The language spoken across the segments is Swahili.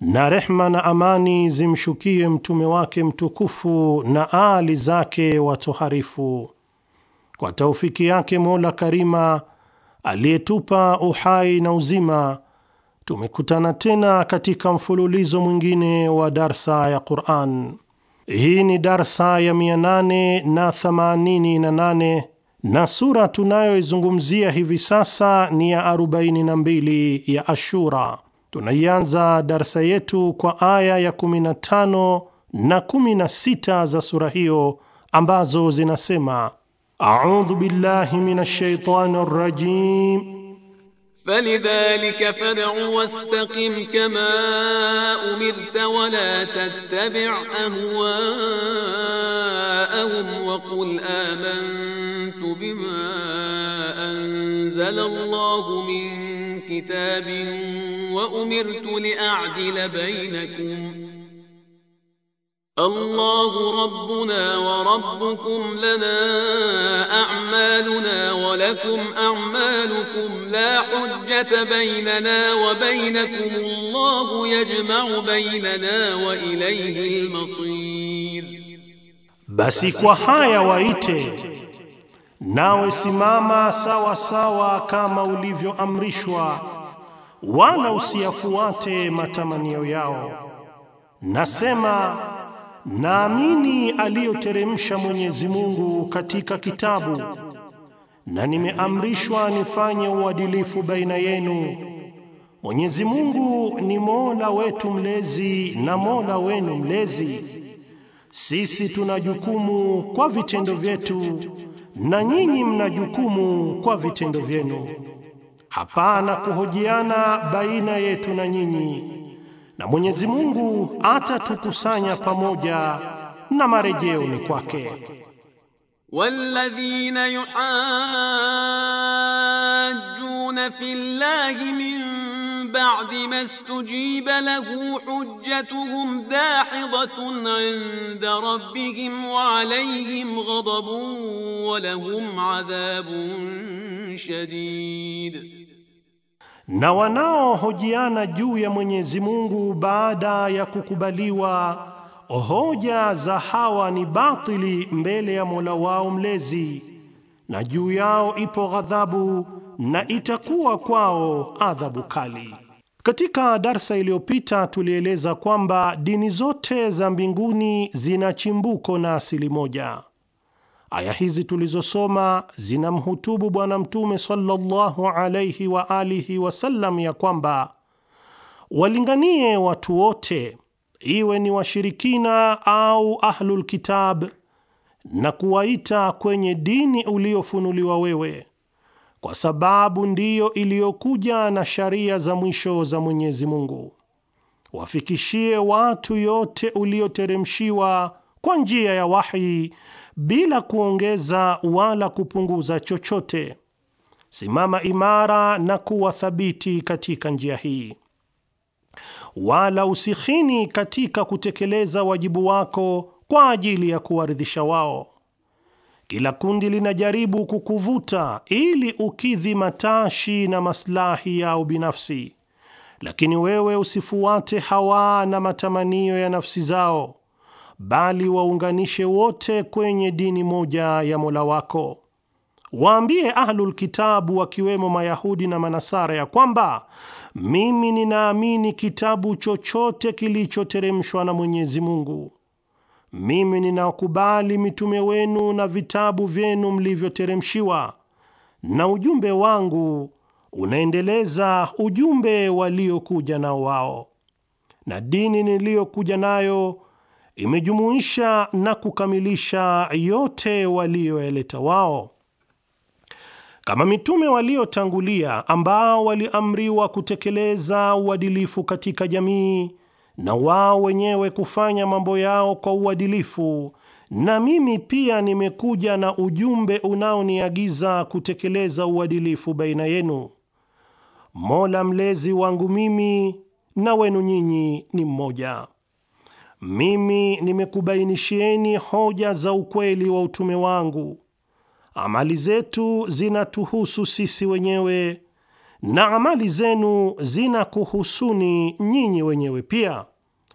na rehma na amani zimshukie mtume wake mtukufu na aali zake watoharifu. Kwa taufiki yake Mola Karima aliyetupa uhai na uzima, tumekutana tena katika mfululizo mwingine wa darsa ya Qur'an. Hii ni darsa ya 888 na sura tunayoizungumzia hivi sasa ni ya 42 ya Ashura. Tunaianza darsa yetu kwa aya ya 15 na 16 za sura hiyo ambazo zinasema: audhu billahi minash shaitani rrajim falidhalika fad'u wastaqim kama umirta wa la tattabi' ahwaahum wa qul amantu bima anzala Allahu min kitabin وأمرت لأعدل بينكم الله ربنا وربكم لنا أعمالنا ولكم أعمالكم لا حجة بيننا وبينكم الله يجمع بيننا وإليه المصير بس kwa وإيتي ناوي سماما سوا sawa كما kama ulivyoamrishwa wala usiyafuate matamanio yao. Nasema, naamini aliyoteremsha Mwenyezi Mungu katika kitabu, na nimeamrishwa nifanye uadilifu baina yenu. Mwenyezi Mungu ni Mola wetu mlezi na Mola wenu mlezi. Sisi tuna jukumu kwa vitendo vyetu na nyinyi mna jukumu kwa vitendo vyenu hapana kuhojiana baina yetu na nyinyi, na Mwenyezi Mungu atatukusanya pamoja na marejeo ni kwake. walladhina yuhajjuna fillahi min ba'di mastujiba lahu hujjatuhum dahidatun 'inda rabbihim wa 'alayhim ghadabun wa lahum 'adhabun shadid na wanaohojiana juu ya Mwenyezi Mungu baada ya kukubaliwa hoja za hawa ni batili mbele ya Mola wao mlezi, na juu yao ipo ghadhabu na itakuwa kwao adhabu kali. Katika darsa iliyopita tulieleza kwamba dini zote za mbinguni zina chimbuko na asili moja. Aya hizi tulizosoma zinamhutubu Bwana Mtume sallallahu alaihi wa alihi wasallam ya kwamba walinganie watu wote, iwe ni washirikina au ahlulkitab, na kuwaita kwenye dini uliofunuliwa wewe, kwa sababu ndiyo iliyokuja na sharia za mwisho za Mwenyezi Mungu. Wafikishie watu yote ulioteremshiwa kwa njia ya wahi bila kuongeza wala kupunguza chochote. Simama imara na kuwa thabiti katika njia hii, wala usikhini katika kutekeleza wajibu wako kwa ajili ya kuwaridhisha wao. Kila kundi linajaribu kukuvuta ili ukidhi matashi na maslahi yao binafsi, lakini wewe usifuate hawa na matamanio ya nafsi zao bali waunganishe wote kwenye dini moja ya Mola wako. Waambie Ahlul Kitabu wakiwemo Mayahudi na Manasara ya kwamba mimi ninaamini kitabu chochote kilichoteremshwa na Mwenyezi Mungu. Mimi ninakubali mitume wenu na vitabu vyenu mlivyoteremshiwa, na ujumbe wangu unaendeleza ujumbe waliokuja nao wao, na dini niliyokuja nayo imejumuisha na kukamilisha yote waliyoyaleta wao kama mitume waliotangulia ambao waliamriwa kutekeleza uadilifu katika jamii na wao wenyewe kufanya mambo yao kwa uadilifu. Na mimi pia nimekuja na ujumbe unaoniagiza kutekeleza uadilifu baina yenu. Mola mlezi wangu mimi na wenu nyinyi ni mmoja. Mimi nimekubainishieni hoja za ukweli wa utume wangu. Amali zetu zinatuhusu sisi wenyewe na amali zenu zinakuhusuni nyinyi wenyewe pia,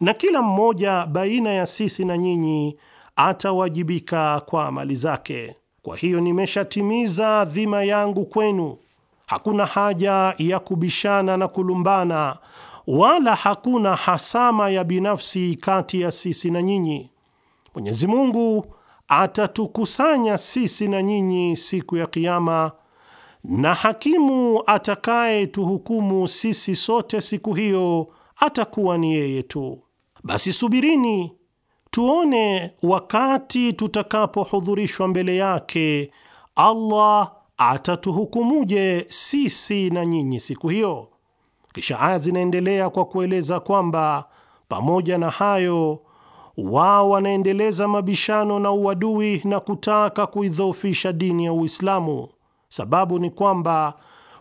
na kila mmoja baina ya sisi na nyinyi atawajibika kwa amali zake. Kwa hiyo nimeshatimiza dhima yangu kwenu, hakuna haja ya kubishana na kulumbana wala hakuna hasama ya binafsi kati ya sisi na nyinyi. Mwenyezi Mungu atatukusanya sisi na nyinyi siku ya kiama na hakimu atakayetuhukumu sisi sote siku hiyo atakuwa ni yeye tu. Basi subirini tuone wakati tutakapohudhurishwa mbele yake, Allah atatuhukumuje sisi na nyinyi siku hiyo. Kisha aya zinaendelea kwa kueleza kwamba pamoja na hayo wao wanaendeleza mabishano na uadui na kutaka kuidhoofisha dini ya Uislamu. Sababu ni kwamba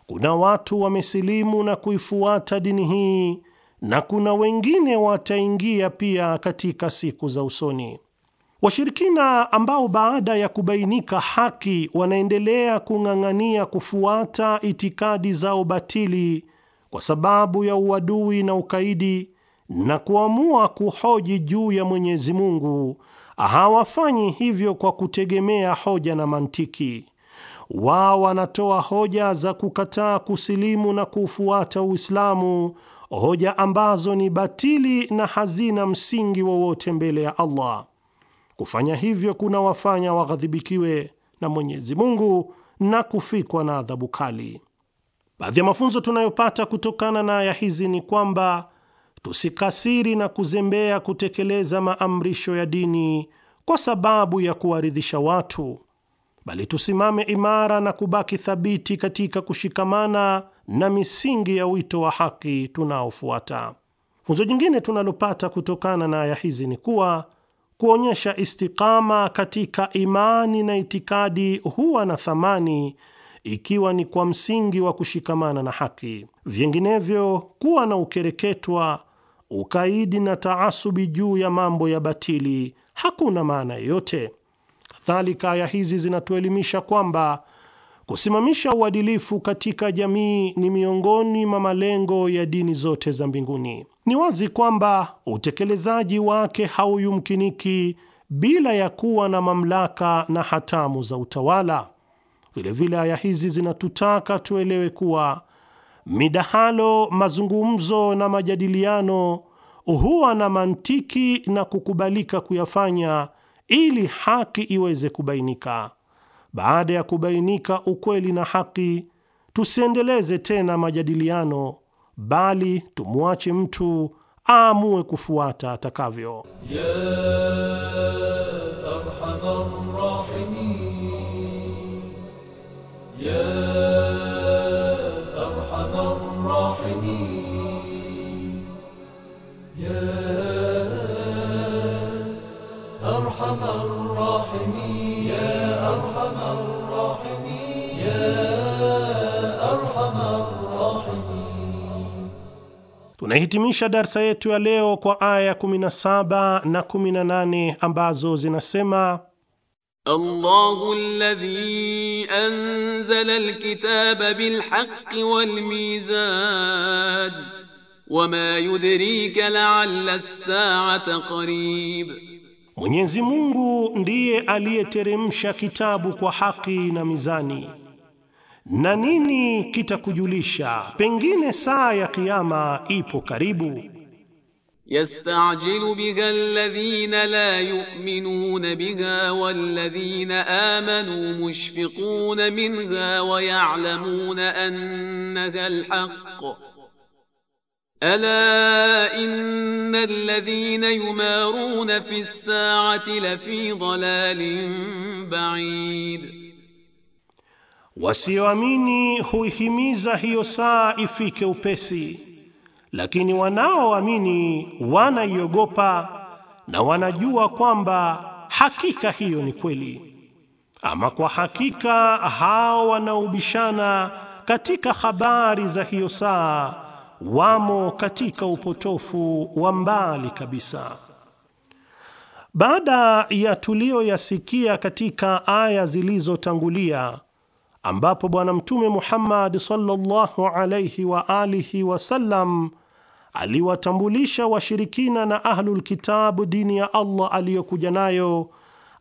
kuna watu wamesilimu na kuifuata dini hii na kuna wengine wataingia pia katika siku za usoni. Washirikina ambao baada ya kubainika haki wanaendelea kung'ang'ania kufuata itikadi zao batili kwa sababu ya uadui na ukaidi na kuamua kuhoji juu ya Mwenyezi Mungu, hawafanyi hivyo kwa kutegemea hoja na mantiki. Wao wanatoa hoja za kukataa kusilimu na kufuata Uislamu, hoja ambazo ni batili na hazina msingi wowote mbele ya Allah. Kufanya hivyo kuna wafanya waghadhibikiwe na Mwenyezi Mungu na kufikwa na adhabu kali. Baadhi ya mafunzo tunayopata kutokana na aya hizi ni kwamba tusikasiri na kuzembea kutekeleza maamrisho ya dini kwa sababu ya kuwaridhisha watu, bali tusimame imara na kubaki thabiti katika kushikamana na misingi ya wito wa haki tunaofuata. Funzo jingine tunalopata kutokana na aya hizi ni kuwa kuonyesha istikama katika imani na itikadi huwa na thamani ikiwa ni kwa msingi wa kushikamana na haki. Vinginevyo, kuwa na ukereketwa, ukaidi na taasubi juu ya mambo ya batili hakuna maana yoyote. Kadhalika, aya hizi zinatuelimisha kwamba kusimamisha uadilifu katika jamii ni miongoni mwa malengo ya dini zote za mbinguni. Ni wazi kwamba utekelezaji wake hauyumkiniki bila ya kuwa na mamlaka na hatamu za utawala. Vilevile aya hizi zinatutaka tuelewe kuwa midahalo, mazungumzo na majadiliano huwa na mantiki na kukubalika kuyafanya ili haki iweze kubainika. Baada ya kubainika ukweli na haki, tusiendeleze tena majadiliano, bali tumwache mtu aamue kufuata atakavyo. yeah. Tunahitimisha darsa yetu ya leo kwa aya 17 na 18 ambazo zinasema: Allahu alladhi anzala alkitaba bilhaqqi walmizan wama yudrika la'alla as-sa'ata qarib, Mwenyezi Mungu ndiye aliyeteremsha kitabu kwa haki na mizani na nini kitakujulisha pengine saa ya kiyama ipo karibu. Yastajilu biha alladhina la yu'minuna biha walladhina amanu mushfiquna minha wa ya'lamuna annaha alhaq ألا إن الذين يمارون في الساعة لفي ضلال بعيد Wasioamini huihimiza hiyo saa ifike upesi, lakini wanaoamini wanaiogopa na wanajua kwamba hakika hiyo ni kweli. Ama kwa hakika hao wanaobishana katika habari za hiyo saa wamo katika upotofu wa mbali kabisa. Baada ya tuliyoyasikia katika aya zilizotangulia ambapo Bwana Mtume Muhammad sallallahu alayhi wa alihi wasallam aliwatambulisha washirikina na ahlul kitabu dini ya Allah aliyokuja nayo.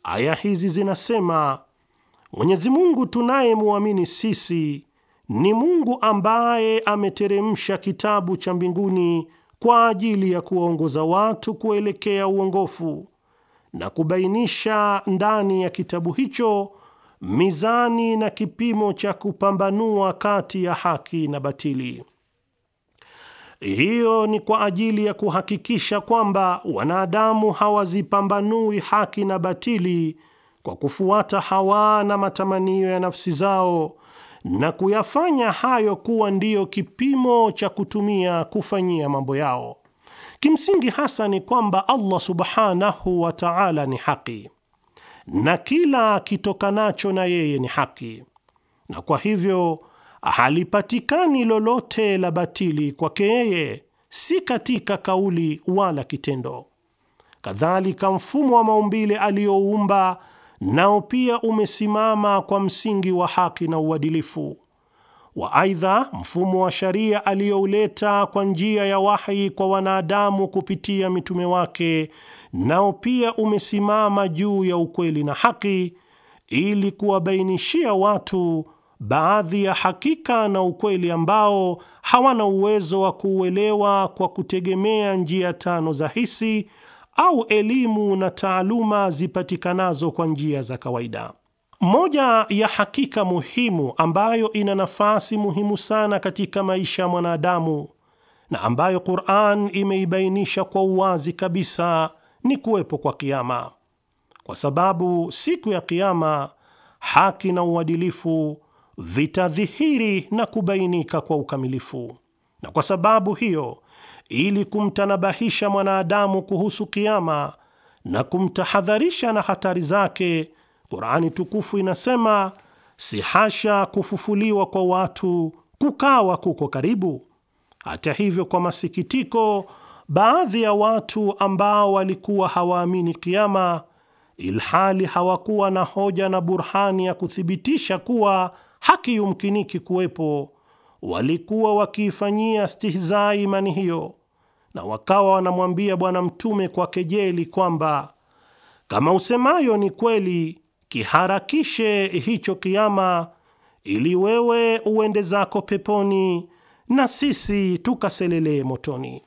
Aya hizi zinasema Mwenyezi Mungu tunayemwamini sisi ni Mungu ambaye ameteremsha kitabu cha mbinguni kwa ajili ya kuwaongoza watu kuelekea uongofu na kubainisha ndani ya kitabu hicho mizani na kipimo cha kupambanua kati ya haki na batili. Hiyo ni kwa ajili ya kuhakikisha kwamba wanadamu hawazipambanui haki na batili kwa kufuata hawa na matamanio ya nafsi zao na kuyafanya hayo kuwa ndiyo kipimo cha kutumia kufanyia mambo yao. Kimsingi hasa ni kwamba Allah subhanahu wa ta'ala ni haki na kila kitokanacho na yeye ni haki, na kwa hivyo halipatikani lolote la batili kwake yeye, si katika kauli wala kitendo. Kadhalika, mfumo wa maumbile aliyoumba nao pia umesimama kwa msingi wa haki na uadilifu wa aidha, mfumo wa sharia aliyouleta kwa njia ya wahi kwa wanadamu kupitia mitume wake, nao pia umesimama juu ya ukweli na haki, ili kuwabainishia watu baadhi ya hakika na ukweli ambao hawana uwezo wa kuuelewa kwa kutegemea njia tano za hisi au elimu na taaluma zipatikanazo kwa njia za kawaida. Moja ya hakika muhimu ambayo ina nafasi muhimu sana katika maisha ya mwanadamu na ambayo Qur'an imeibainisha kwa uwazi kabisa ni kuwepo kwa kiyama, kwa sababu siku ya kiyama haki na uadilifu vitadhihiri na kubainika kwa ukamilifu. Na kwa sababu hiyo, ili kumtanabahisha mwanadamu kuhusu kiyama na kumtahadharisha na hatari zake Qur'ani tukufu inasema si hasha kufufuliwa kwa watu kukawa kuko karibu. Hata hivyo, kwa masikitiko, baadhi ya watu ambao walikuwa hawaamini kiama, ilhali hawakuwa na hoja na burhani ya kuthibitisha kuwa haki yumkiniki kuwepo, walikuwa wakiifanyia stihzai imani hiyo, na wakawa wanamwambia Bwana Mtume kwa kejeli kwamba kama usemayo ni kweli kiharakishe hicho kiama, ili wewe uende zako peponi na sisi tukaselelee motoni.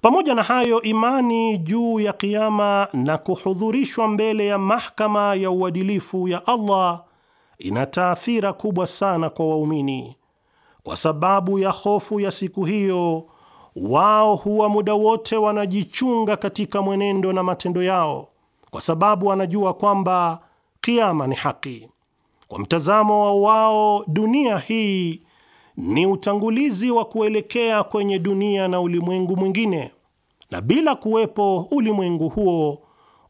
Pamoja na hayo, imani juu ya kiama na kuhudhurishwa mbele ya mahakama ya uadilifu ya Allah ina taathira kubwa sana kwa waumini. Kwa sababu ya hofu ya siku hiyo, wao huwa muda wote wanajichunga katika mwenendo na matendo yao kwa sababu anajua kwamba kiama ni haki. Kwa mtazamo wa wao, dunia hii ni utangulizi wa kuelekea kwenye dunia na ulimwengu mwingine, na bila kuwepo ulimwengu huo,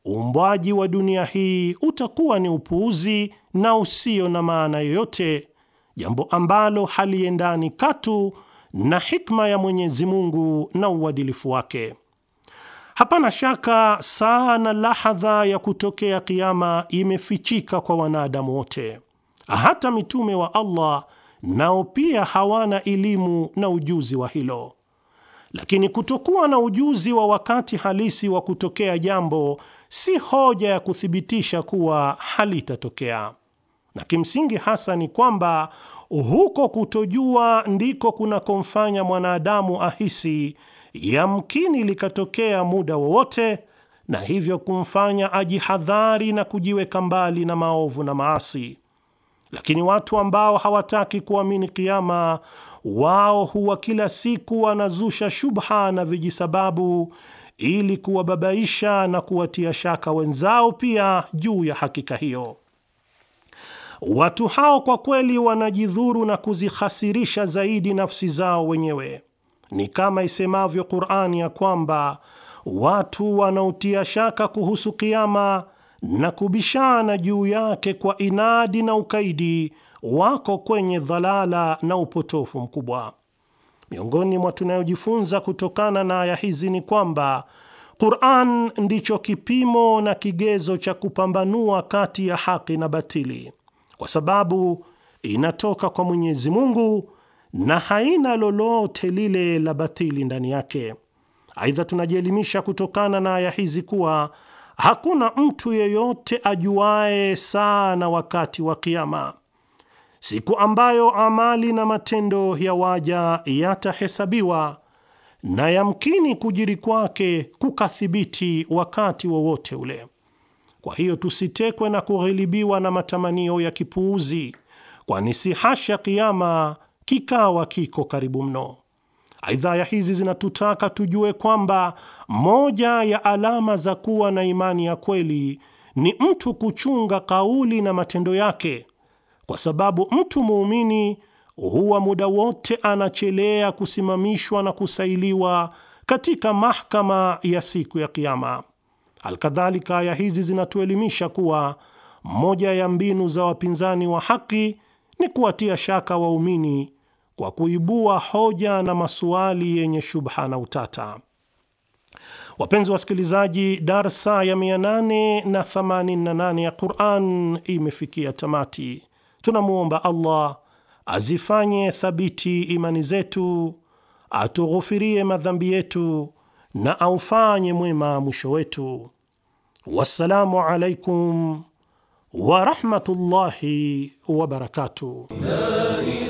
uumbwaji wa dunia hii utakuwa ni upuuzi na usio na maana yoyote, jambo ambalo haliendani katu na hikma ya Mwenyezi Mungu na uadilifu wake. Hapana shaka saa na lahadha ya kutokea kiama imefichika kwa wanadamu wote. Hata mitume wa Allah nao pia hawana elimu na ujuzi wa hilo, lakini kutokuwa na ujuzi wa wakati halisi wa kutokea jambo si hoja ya kuthibitisha kuwa halitatokea. Na kimsingi hasa ni kwamba huko kutojua ndiko kunakomfanya mwanadamu ahisi yamkini likatokea muda wowote, na hivyo kumfanya ajihadhari na kujiweka mbali na maovu na maasi. Lakini watu ambao hawataki kuamini kiama, wao huwa kila siku wanazusha shubha na vijisababu ili kuwababaisha na kuwatia shaka wenzao pia juu ya hakika hiyo. Watu hao kwa kweli wanajidhuru na kuzikhasirisha zaidi nafsi zao wenyewe. Ni kama isemavyo Qur'ani ya kwamba watu wanaotia shaka kuhusu kiama na kubishana juu yake kwa inadi na ukaidi wako kwenye dhalala na upotofu mkubwa. Miongoni mwa tunayojifunza kutokana na aya hizi ni kwamba Qur'an ndicho kipimo na kigezo cha kupambanua kati ya haki na batili, kwa sababu inatoka kwa Mwenyezi Mungu na haina lolote lile la batili ndani yake. Aidha, tunajielimisha kutokana na aya hizi kuwa hakuna mtu yeyote ajuaye saa na wakati wa Kiama, siku ambayo amali na matendo ya waja yatahesabiwa na yamkini kujiri kwake kukathibiti wakati wowote wa ule. Kwa hiyo tusitekwe na kughilibiwa na matamanio ya kipuuzi, kwani si hasha kiama kikawa kiko karibu mno. Aidha, aya hizi zinatutaka tujue kwamba moja ya alama za kuwa na imani ya kweli ni mtu kuchunga kauli na matendo yake, kwa sababu mtu muumini huwa muda wote anachelea kusimamishwa na kusailiwa katika mahakama ya siku ya kiama Alkadhalika, aya hizi zinatuelimisha kuwa moja ya mbinu za wapinzani wa haki ni kuwatia shaka waumini kwa kuibua hoja na masuali yenye shubha na utata. Wapenzi wasikilizaji, darsa ya 888 ya Quran imefikia tamati. Tunamwomba Allah azifanye thabiti imani zetu, atughufirie madhambi yetu na aufanye mwema mwisho wetu. Wassalamu alaikum warahmatullahi wabarakatuh.